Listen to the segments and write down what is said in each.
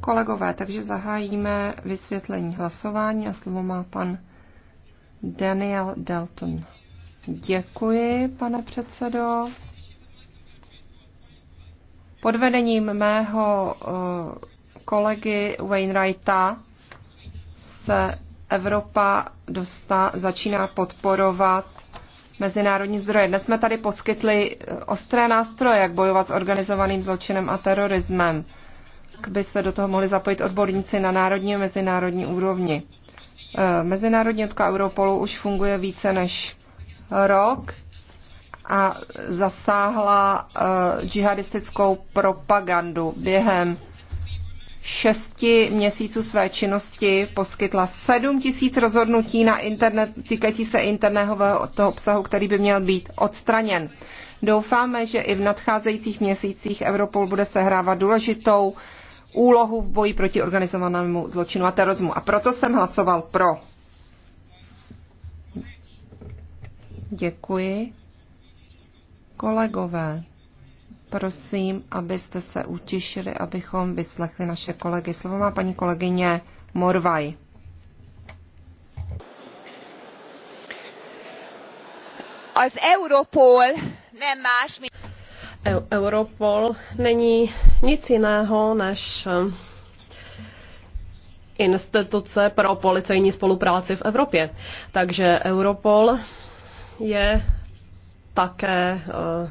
Kolegové, takže zahájíme vysvětlení hlasování a slovo má pan Daniel Dalton. Děkuji, pane předsedo. Pod vedením mého eh, kolegy Wainwrighta se Evropa dostá, začíná podporovat mezinárodní zdroje. Dnes jsme tady poskytli eh, ostré nástroje, jak bojovat s organizovaným zločinem a terorismem. Jak by se do toho mohli zapojit odborníci na národní a mezinárodní úrovni. Eh, mezinárodní odka Europolu už funguje více než eh, rok a zasáhla džihadistickou propagandu během šesti měsíců své činnosti poskytla 7 tisíc rozhodnutí na internet, týkající se internetového toho obsahu, který by měl být odstraněn. Doufáme, že i v nadcházejících měsících Europol bude sehrávat důležitou úlohu v boji proti organizovanému zločinu a terorismu. A proto jsem hlasoval pro. Děkuji. Kolegové, Prosím, abyste se utišili, abychom vyslechli naše kolegy. Slovo má paní kolegyně Morvaj. Az Europol nem más, mint... Europol není nic jiného než um, instituce pro policejní spolupráci v Evropě. Takže Europol je také eh,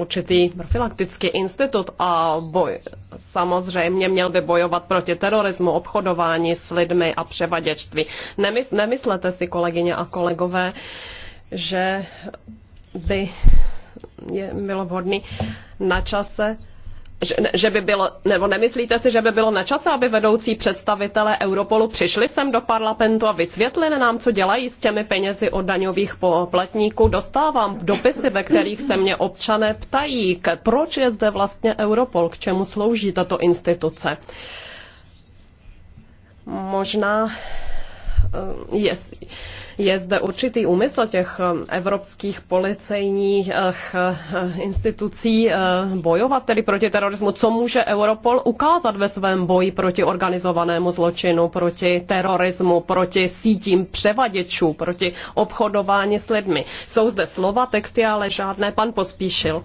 určitý profilaktický institut a boj, samozřejmě měl by bojovat proti terorismu, obchodování s lidmi a převaděčství. Nemysl, nemyslete si, kolegyně a kolegové, že by je bylo vhodné na čase že by bylo, nebo nemyslíte si, že by bylo na čase, aby vedoucí představitelé Europolu přišli sem do parlamentu a vysvětlili nám, co dělají s těmi penězi od daňových poplatníků? Dostávám dopisy, ve kterých se mě občané ptají, k, proč je zde vlastně Europol, k čemu slouží tato instituce. Možná Eh, je, je zde určitý úmysl těch eh, evropských policejních eh, institucí bojovat tedy proti terorismu. Co může Europol ukázat ve svém boji proti organizovanému zločinu, proti terorismu, proti sítím převaděčů, proti obchodování s lidmi? Jsou zde slova, texty, ale žádné pan pospíšil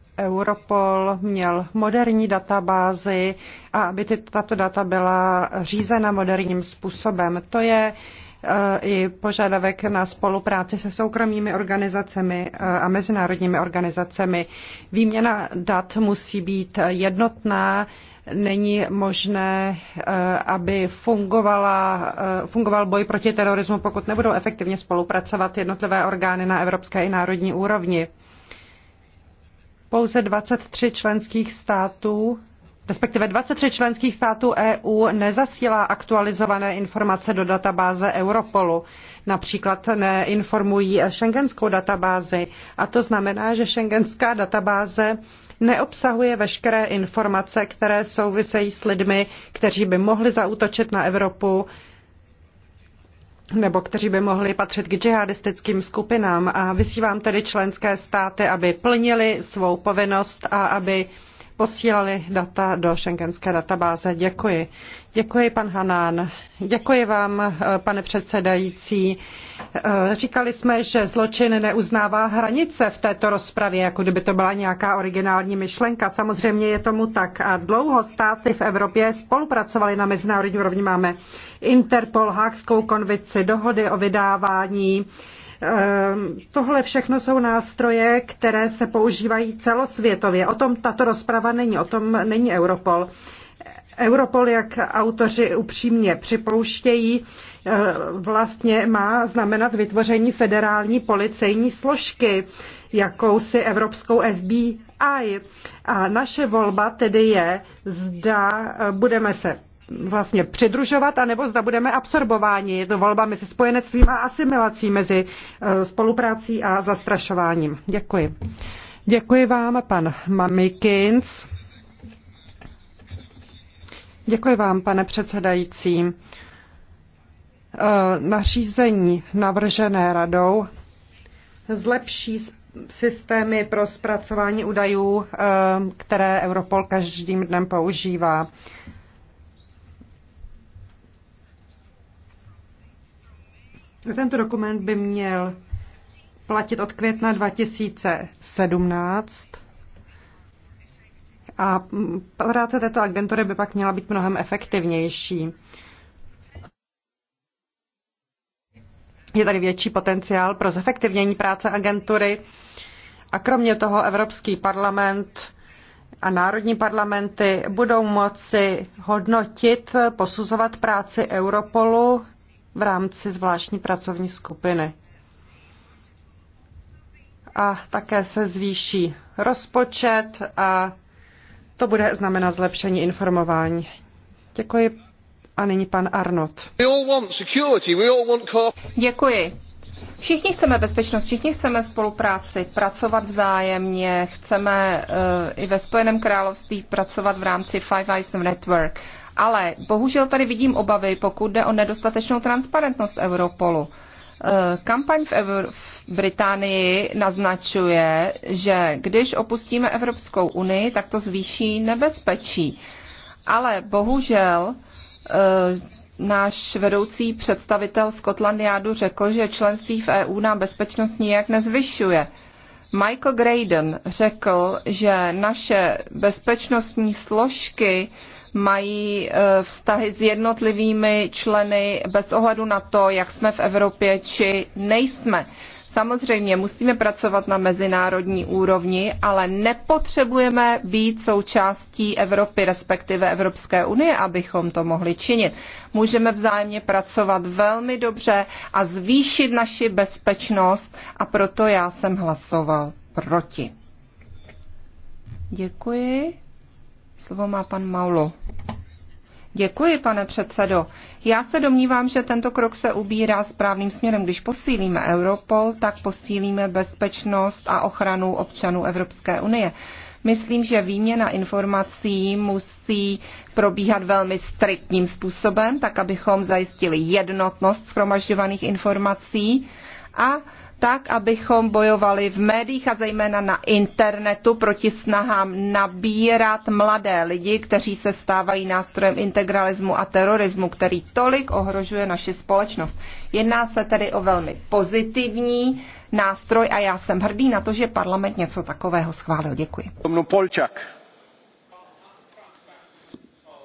Europol měl moderní databázy a aby tato data byla řízena moderním způsobem. To je e, i požadavek na spolupráci se soukromými organizacemi e, a mezinárodními organizacemi. Výměna dat musí být jednotná, není možné, e, aby fungovala, fungoval boj proti terorismu, pokud nebudou efektivně spolupracovat jednotlivé orgány na evropské i národní úrovni pouze 23 členských států respektive 23 členských států EU nezasílá aktualizované informace do databáze Europolu. Například neinformují šengenskou databázi. A to znamená, že šengenská databáze neobsahuje veškeré informace, které souvisejí s lidmi, kteří by mohli zaútočit na Evropu nebo kteří by mohli patřit k džihadistickým skupinám. A vysívám tedy členské státy, aby plnili svou povinnost a aby posílali data do šengenské databáze. Děkuji. Děkuji, pan Hanán. Děkuji vám, eh, pane předsedající. Eh, říkali jsme, že zločin neuznává hranice v této rozpravě, jako kdyby to byla nějaká originální myšlenka. Samozřejmě je tomu tak. A dlouho státy v Evropě spolupracovaly na mezinárodní úrovni. Máme Interpol, Hákskou konvici, dohody o vydávání Ehm, tohle všechno jsou nástroje, které se používají celosvětově. O tom tato rozprava není, o tom není Europol. Europol, jak autoři upřímně připouštějí, eh, vlastně má znamenat vytvoření federální policejní složky, jakousi evropskou FBI. A naše volba tedy je, zda budeme se vlastně přidružovat, anebo zda budeme absorbováni. Je to volba mezi spojenectvím a asimilací, mezi e, spoluprácí a zastrašováním. Děkuji. Děkuji vám, pan Mamikins. Děkuji vám, pane předsedající. E, nařízení navržené radou zlepší systémy pro zpracování údajů, e, které Europol každým dnem používá. Tento dokument by měl platit od května 2017 a práce této agentury by pak měla být mnohem efektivnější. Je tady větší potenciál pro zefektivnění práce agentury a kromě toho Evropský parlament a národní parlamenty budou moci hodnotit, posuzovat práci Europolu v rámci zvláštní pracovní skupiny. A také se zvýší rozpočet a to bude znamenat zlepšení informování. Děkuji. A nyní pan Arnott. Děkuji. Všichni chceme bezpečnost, všichni chceme spolupráci, pracovat vzájemně, chceme uh, i ve Spojeném království pracovat v rámci Five Eyes Network. Uh, ale bohužel tady vidím obavy, pokud jde o nedostatečnou transparentnost Europolu. Eh, kampaň v, Evr- v Británii naznačuje, že když opustíme Evropskou unii, tak to zvýší nebezpečí. Ale bohužel eh, náš vedoucí představitel Scotland Yardu řekl, že členství v EU nám bezpečnost nijak nezvyšuje. Michael Graydon řekl, že naše bezpečnostní složky mají eh, vztahy s jednotlivými členy bez ohledu na to, jak jsme v Evropě či nejsme. Samozřejmě musíme pracovat na mezinárodní úrovni, ale nepotřebujeme být součástí Evropy, respektive Evropské unie, abychom to mohli činit. Můžeme vzájemně pracovat velmi dobře a zvýšit naši bezpečnost a proto já jsem hlasoval proti. Děkuji. Slovo má pan Maulo. Děkuji, pane předsedo. Já se domnívám, že tento krok se ubírá správným směrem. Když posílíme Europol, tak posílíme bezpečnost a ochranu občanů Evropské unie. Myslím, že výměna informací musí probíhat velmi striktním způsobem, tak abychom zajistili jednotnost schromažďovaných informací a tak, abychom bojovali v médiích a zejména na internetu proti snahám nabírat mladé lidi, kteří se stávají nástrojem integralismu a terorismu, který tolik ohrožuje naši společnost. Jedná se tedy o velmi pozitivní nástroj a já jsem hrdý na to, že parlament něco takového schválil. Děkuji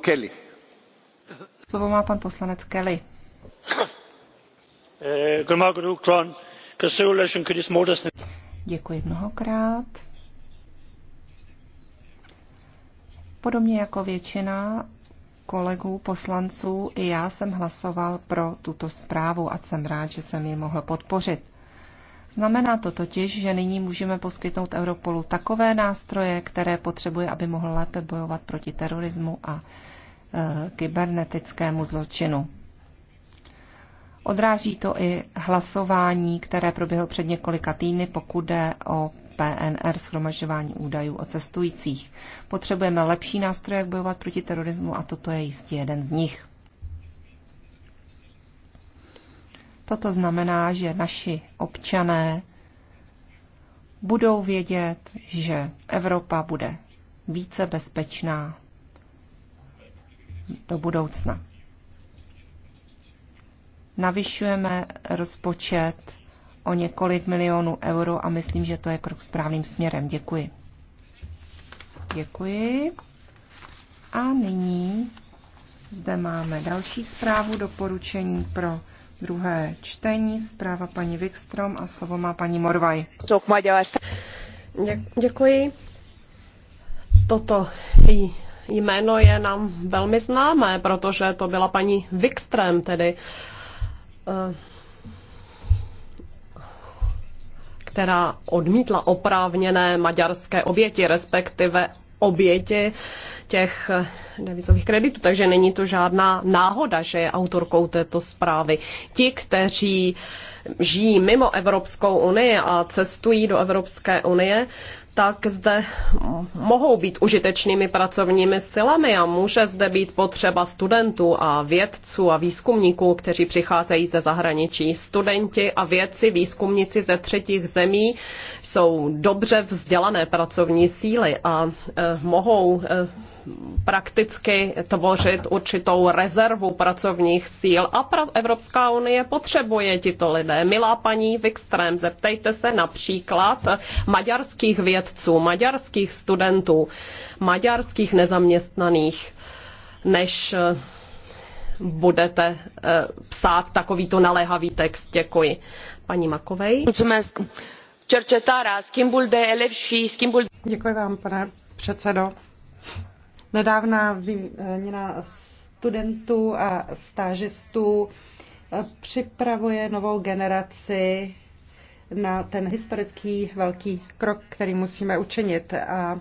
Kelly. Slovo má pan poslanec Kelly. Děkuji mnohokrát. Podobně jako většina kolegů poslanců i já jsem hlasoval pro tuto zprávu a jsem rád, že jsem ji mohl podpořit. Znamená to totiž, že nyní můžeme poskytnout Europolu takové nástroje, které potřebuje, aby mohl lépe bojovat proti terorismu a e, kybernetickému zločinu. Odráží to i hlasování, které proběhlo před několika týdny, pokud jde o PNR, schromažďování údajů o cestujících. Potřebujeme lepší nástroje, jak bojovat proti terorismu a toto je jistě jeden z nich. Toto znamená, že naši občané budou vědět, že Evropa bude více bezpečná do budoucna. Navyšujeme rozpočet o několik milionů euro a myslím, že to je krok správným směrem. Děkuji. Děkuji. A nyní zde máme další zprávu doporučení pro druhé čtení, zpráva paní Wikstrom a slovo má paní Morvaj. Děkuji. Toto jméno je nám velmi známé, protože to byla paní Wikström, tedy eh, která odmítla oprávněné maďarské oběti, respektive obětě těch devizových kreditů, takže není to žádná náhoda, že je autorkou této zprávy. Ti, kteří žijí mimo Evropskou unii a cestují do Evropské unie, tak zde mohou být užitečnými pracovními silami a může zde být potřeba studentů a vědců a výzkumníků, kteří přicházejí ze zahraničí. Studenti a vědci, výzkumníci ze třetích zemí jsou dobře vzdělané pracovní síly a eh, mohou eh, prakticky tvořit určitou rezervu pracovních síl a Evropská unie potřebuje tito lidé. Milá paní Wikström, zeptejte se například maďarských vědců, maďarských studentů, maďarských nezaměstnaných, než eh, budete eh, psát takovýto naléhavý text. Děkuji. Paní Makovej. Děkuji vám, pane předsedo. Nedávná výměna studentů a stážistů eh, připravuje novou generaci na ten historický velký krok, který musíme učinit. A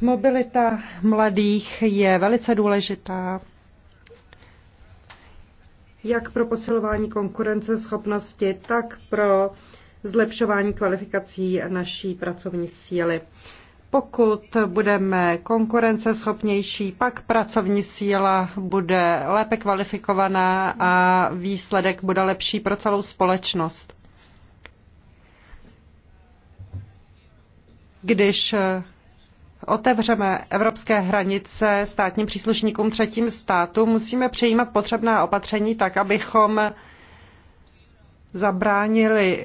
mobilita mladých je velice důležitá jak pro posilování konkurenceschopnosti, tak pro zlepšování kvalifikací naší pracovní síly. Pokud budeme konkurenceschopnější, pak pracovní síla bude lépe kvalifikovaná a výsledek bude lepší pro celou společnost. Když otevřeme evropské hranice státním příslušníkům třetím státu, musíme přijímat potřebná opatření tak, abychom zabránili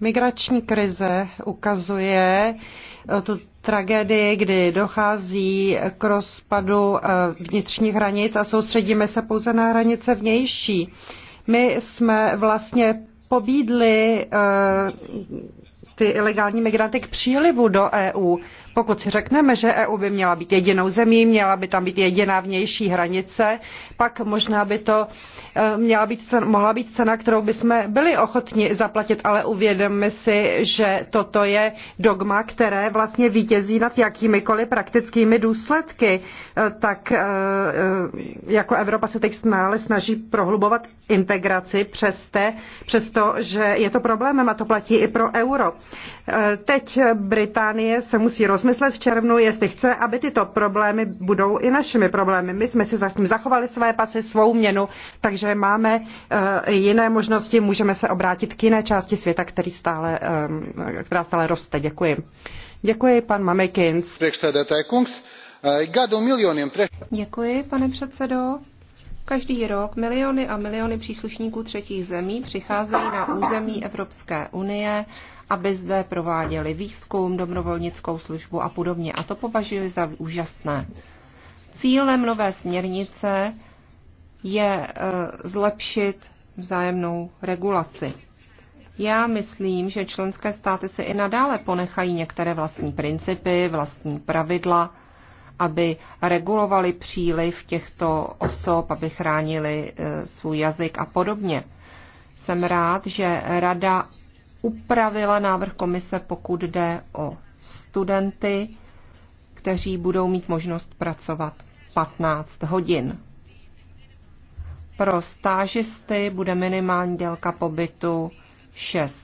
Migrační krize ukazuje eh, tu tragédii, kdy dochází k rozpadu eh, vnitřních hranic a soustředíme se pouze na hranice vnější. My jsme vlastně pobídli eh, ty ilegální migranty k přílivu do EU pokud si řekneme, že EU by měla být jedinou zemí, měla by tam být jediná vnější hranice, pak možná by to eh, měla být cena, mohla být cena, kterou bychom byli ochotni zaplatit, ale uvědomme si, že toto je dogma, které vlastně vítězí nad jakýmikoliv praktickými důsledky. Eh, tak eh, jako Evropa se teď stále snaží prohlubovat integraci přes, te, to, že je to problémem a to platí i pro euro. Teď Británie se musí rozhodnout, rozmyslet v červnu, jestli chce, aby tyto problémy budou i našimi problémy. My jsme si zatím zachovali své pasy, svou měnu, takže máme eh, jiné možnosti, můžeme se obrátit k jiné části světa, který stále, eh, která stále roste. Děkuji. Děkuji, pan Mamekins. Děkuji, pane předsedo. Každý rok miliony a miliony příslušníků třetích zemí přicházejí na území Evropské unie, aby zde prováděli výzkum, dobrovolnickou službu a podobně. A to považuji za úžasné. Cílem nové směrnice je e, zlepšit vzájemnou regulaci. Já myslím, že členské státy si i nadále ponechají některé vlastní principy, vlastní pravidla, aby regulovali příliv těchto osob, aby chránili e, svůj jazyk a podobně. Jsem rád, že Rada upravila návrh komise, pokud jde o studenty, kteří budou mít možnost pracovat 15 hodin. Pro stážisty bude minimální délka pobytu 6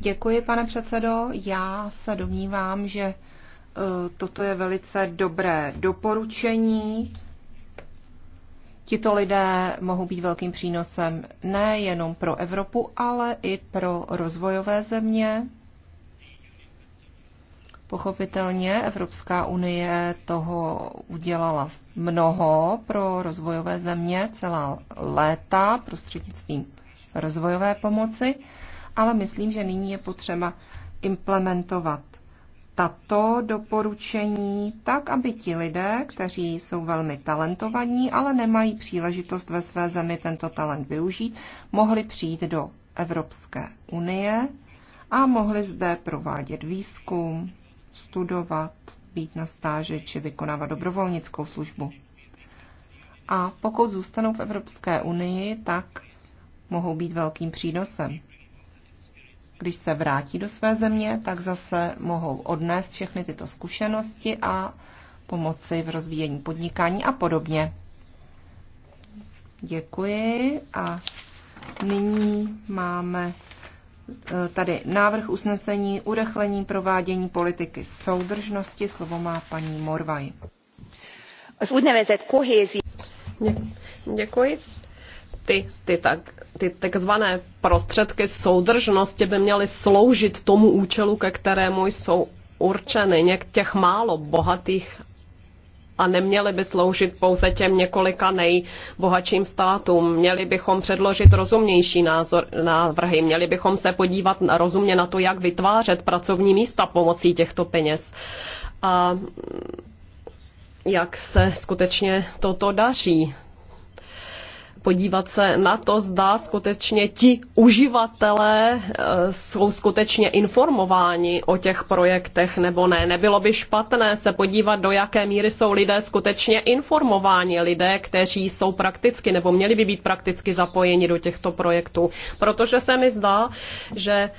Děkuji, pane předsedo. Já se domnívám, že e, toto je velice dobré doporučení. Tito lidé mohou být velkým přínosem nejenom pro Evropu, ale i pro rozvojové země, Pochopitelně Evropská unie toho udělala mnoho pro rozvojové země celá léta prostřednictvím rozvojové pomoci, ale myslím, že nyní je potřeba implementovat tato doporučení tak, aby ti lidé, kteří jsou velmi talentovaní, ale nemají příležitost ve své zemi tento talent využít, mohli přijít do Evropské unie a mohli zde provádět výzkum, studovat, být na stáži či vykonávat dobrovolnickou službu. A pokud zůstanou v Evropské unii, tak mohou být velkým přínosem. Když se vrátí do své země, tak zase mohou odnést všechny tyto zkušenosti a pomoci v rozvíjení podnikání a podobně. Děkuji a nyní máme Eh, tady návrh usnesení urychlení provádění politiky soudržnosti. Slovo má paní Morvaj. Děkuji. Ty, ty, tak, ty takzvané prostředky soudržnosti by měly sloužit tomu účelu, ke kterému jsou určeny. Něk těch málo bohatých a neměly by sloužit pouze těm několika nejbohatším státům. Měli bychom předložit rozumnější názor, návrhy, měli bychom se podívat na, rozumně na to, jak vytvářet pracovní místa pomocí těchto peněz. A jak se skutečně toto daří podívat se na to, zda skutečně ti uživatelé eh, jsou skutečně informováni o těch projektech nebo ne. Nebylo by špatné se podívat, do jaké míry jsou lidé skutečně informováni, lidé, kteří jsou prakticky nebo měli by být prakticky zapojeni do těchto projektů. Protože se mi zdá, že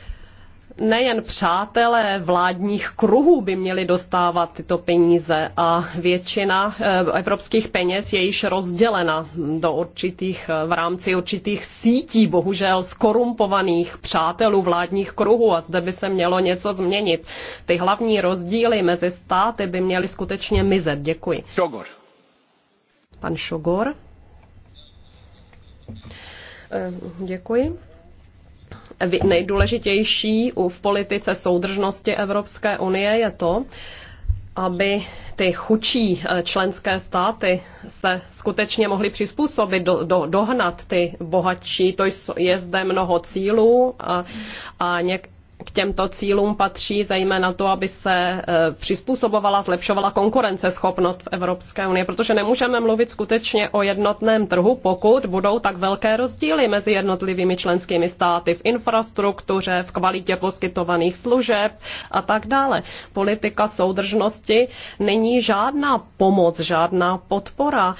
nejen přátelé vládních kruhů by měli dostávat tyto peníze a většina eh, evropských peněz je již rozdělena do určitých, eh, v rámci určitých sítí, bohužel skorumpovaných přátelů vládních kruhů a zde by se mělo něco změnit. Ty hlavní rozdíly mezi státy by měly skutečně mizet. Děkuji. Šogor. Pan Šogor. Eh, děkuji nejdůležitější v politice soudržnosti Evropské unie je to, aby ty chučí eh, členské státy se skutečně mohly přizpůsobit, do, do, dohnat ty bohatší. To je zde mnoho cílů a, eh, a něk, k těmto cílům patří zejména to, aby se e, přizpůsobovala, zlepšovala konkurenceschopnost v Evropské unii, protože nemůžeme mluvit skutečně o jednotném trhu, pokud budou tak velké rozdíly mezi jednotlivými členskými státy v infrastruktuře, v kvalitě poskytovaných služeb a tak dále. Politika soudržnosti není žádná pomoc, žádná podpora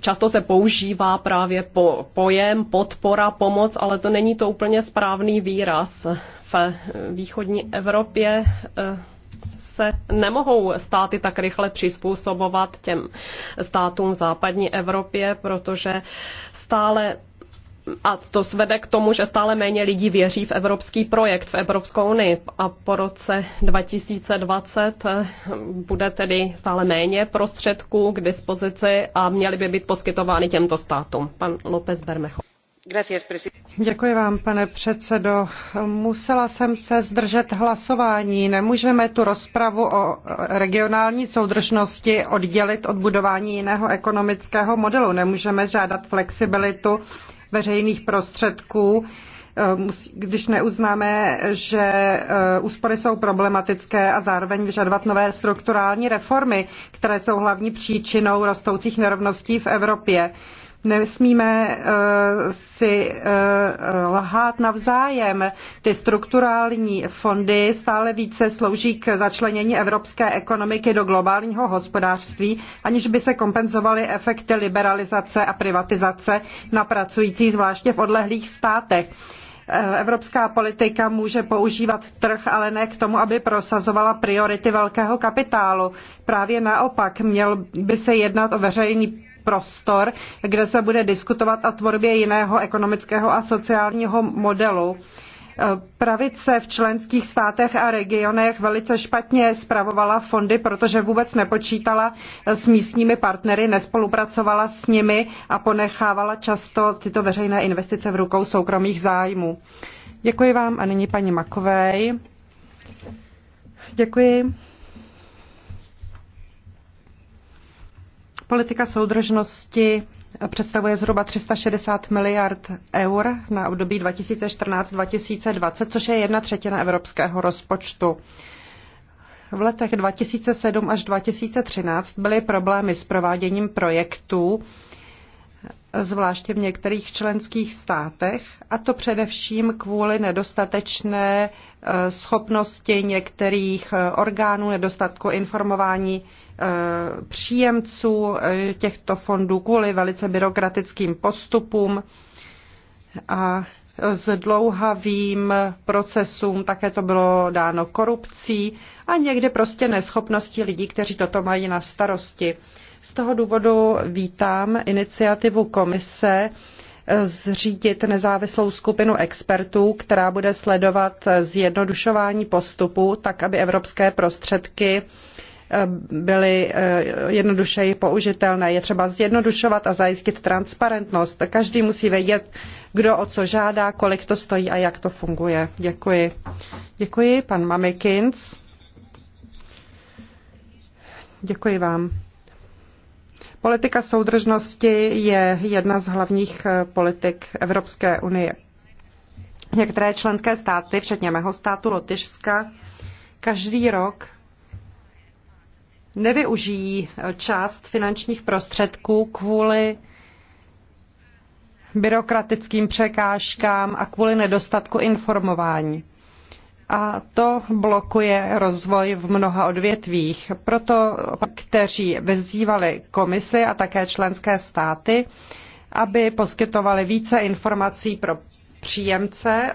často se používá právě po, pojem podpora, pomoc, ale to není to úplně správný výraz. V eh, východní Evropě eh, se nemohou státy tak rychle přizpůsobovat těm státům v západní Evropě, protože stále a to svede k tomu, že stále méně lidí věří v evropský projekt, v Evropskou unii. A po roce 2020 eh, bude tedy stále méně prostředků k dispozici a měly by být poskytovány těmto státům. Pan López Bermecho. Děkuji vám, pane předsedo. Musela jsem se zdržet hlasování. Nemůžeme tu rozpravu o regionální soudržnosti oddělit od budování jiného ekonomického modelu. Nemůžeme žádat flexibilitu veřejných prostředků, eh, když neuznáme, že eh, úspory jsou problematické a zároveň vyžadovat nové strukturální reformy, které jsou hlavní příčinou rostoucích nerovností v Evropě. Nesmíme eh, si eh, lhát navzájem. Ty strukturální fondy stále více slouží k začlenění evropské ekonomiky do globálního hospodářství, aniž by se kompenzovaly efekty liberalizace a privatizace na pracující, zvláště v odlehlých státech eh, evropská politika může používat trh, ale ne k tomu, aby prosazovala priority velkého kapitálu. Právě naopak měl by se jednat o veřejný prostor, kde se bude diskutovat o tvorbě jiného ekonomického a sociálního modelu. Pravice v členských státech a regionech velice špatně spravovala fondy, protože vůbec nepočítala s místními partnery, nespolupracovala s nimi a ponechávala často tyto veřejné investice v rukou soukromých zájmů. Děkuji vám a nyní paní Makovej. Děkuji. Politika soudržnosti představuje zhruba 360 miliard eur na období 2014-2020, což je jedna třetina evropského rozpočtu. V letech 2007 až 2013 byly problémy s prováděním projektů, zvláště v některých členských státech, a to především kvůli nedostatečné eh, schopnosti některých eh, orgánů, nedostatku informování příjemců eh, těchto fondů kvůli velice byrokratickým postupům a dlouhavým procesům, také to bylo dáno korupcí a někdy prostě neschopností lidí, kteří toto mají na starosti. Z toho důvodu vítám iniciativu komise eh, zřídit nezávislou skupinu expertů, která bude sledovat eh, zjednodušování postupů, tak aby evropské prostředky Eh, byly eh, jednodušeji použitelné. Je třeba zjednodušovat a zajistit transparentnost. Každý musí vědět, kdo o co žádá, kolik to stojí a jak to funguje. Děkuji. Děkuji, pan Mamikins. Děkuji vám. Politika soudržnosti je jedna z hlavních eh, politik Evropské unie. Některé členské státy, včetně mého státu Lotyšska, každý rok nevyužijí část finančních prostředků kvůli byrokratickým překážkám a kvůli nedostatku informování. A to blokuje rozvoj v mnoha odvětvích. Proto, kteří vyzývali komisi a také členské státy, aby poskytovali více informací pro příjemce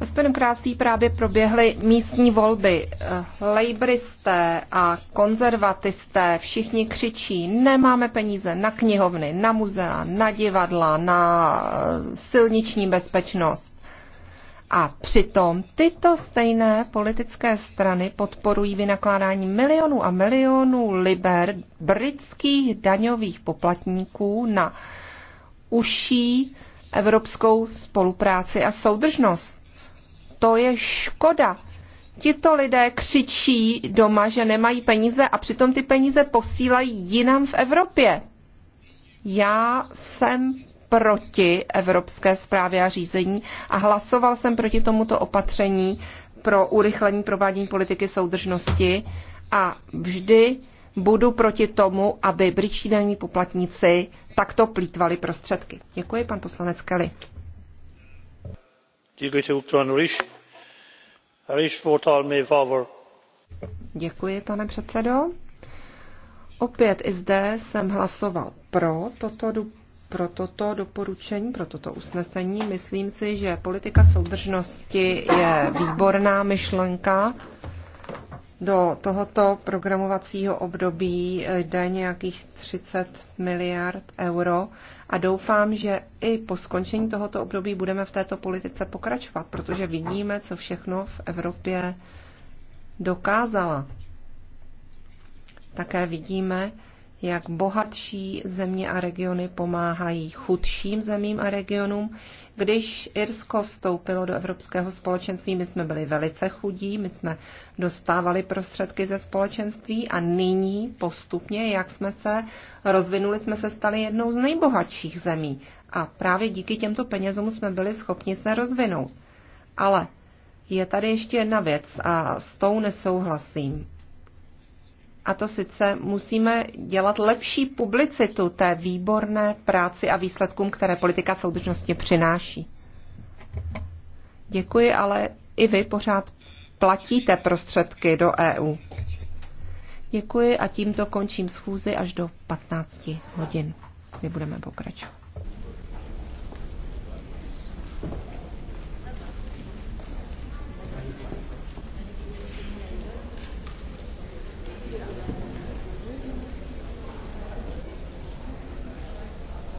ve Spojeném království právě proběhly místní volby. Lejbristé a konzervatisté všichni křičí, nemáme peníze na knihovny, na muzea, na divadla, na silniční bezpečnost. A přitom tyto stejné politické strany podporují vynakládání milionů a milionů liber britských daňových poplatníků na uší evropskou spolupráci a soudržnost. To je škoda. Tito lidé křičí doma, že nemají peníze a přitom ty peníze posílají jinam v Evropě. Já jsem proti evropské zprávě a řízení a hlasoval jsem proti tomuto opatření pro urychlení provádění politiky soudržnosti a vždy budu proti tomu, aby britští daní poplatníci takto plítvali prostředky. Děkuji, pan poslanec Kelly pane předsedající Opět i zde jsem hlasoval pro toto, pro toto doporučení, pro toto usnesení. Myslím si, že politika soudržnosti je výborná myšlenka. Do tohoto programovacího období eh, jde nějakých 30 miliard euro a doufám, že i po skončení tohoto období budeme v této politice pokračovat, protože vidíme, co všechno v Evropě dokázala. Také vidíme, jak bohatší země a regiony pomáhají chudším zemím a regionům. Když Irsko vstoupilo do Evropského společenství, my jsme byli velice chudí, my jsme dostávali prostředky ze společenství a nyní postupně, jak jsme se rozvinuli, jsme se stali jednou z nejbohatších zemí. A právě díky těmto penězům jsme byli schopni se rozvinout. Ale je tady ještě jedna věc a s tou nesouhlasím. A to sice musíme dělat lepší publicitu té výborné práci a výsledkům, které politika soudržnosti přináší. Děkuji, ale i vy pořád platíte prostředky do EU. Děkuji a tímto končím schůzi až do 15 hodin, kdy budeme pokračovat.